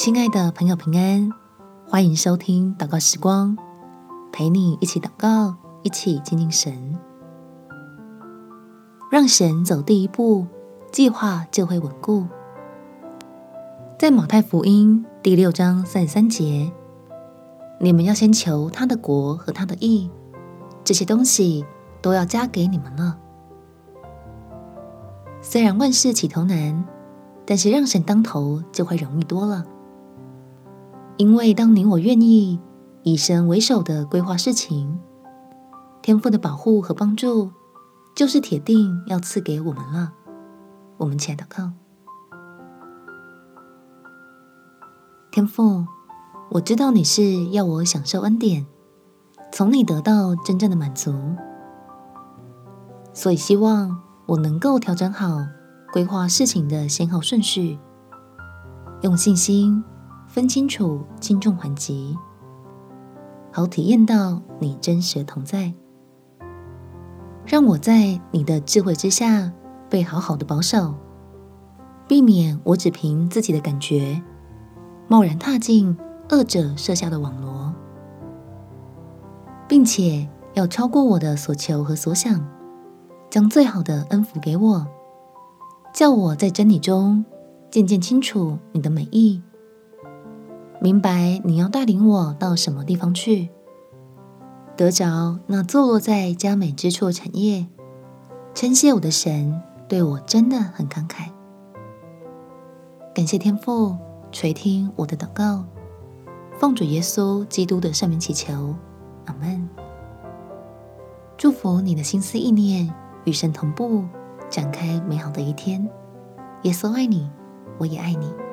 親愛的朋友，平安！歡迎收聽禱告時光，陪你一起禱告，一起靜靜神，讓神走第一步，計劃就會穩固。在馬太福音第六章三十三節，你們要先求他的國和他的義，這些東西都要加給你們了。雖然萬事起頭難，但是讓神當頭就會容易多了。因為當你我願意以神為首的規劃事情，天父的保護和幫助就是鐵定要賜給我們了。我們起來禱告，天父，我知道你是要我享受恩典，從你得到真正的滿足，所以希望我能夠調整好規劃事情的先後順序，用信心。分清楚輕重緩急，好體驗到你真實同在，讓我在你的智慧之下被好好的保守，避免我只憑自己的感覺，貿然踏進惡者設下的網羅，並且要超過我的所求和所想，將最好的恩福給我，叫我在真理中漸漸清楚你的美意。明白你要帶領我到什麼地方去，得着那坐落在佳美之處的產業。稱謝我的神，對我真的很慷慨。感謝天父垂聽我的禱告。奉主耶穌基督的聖名祈求，阿門。祝福你的心思意念與神同步，展開美好的一天。耶穌愛你，我也愛你。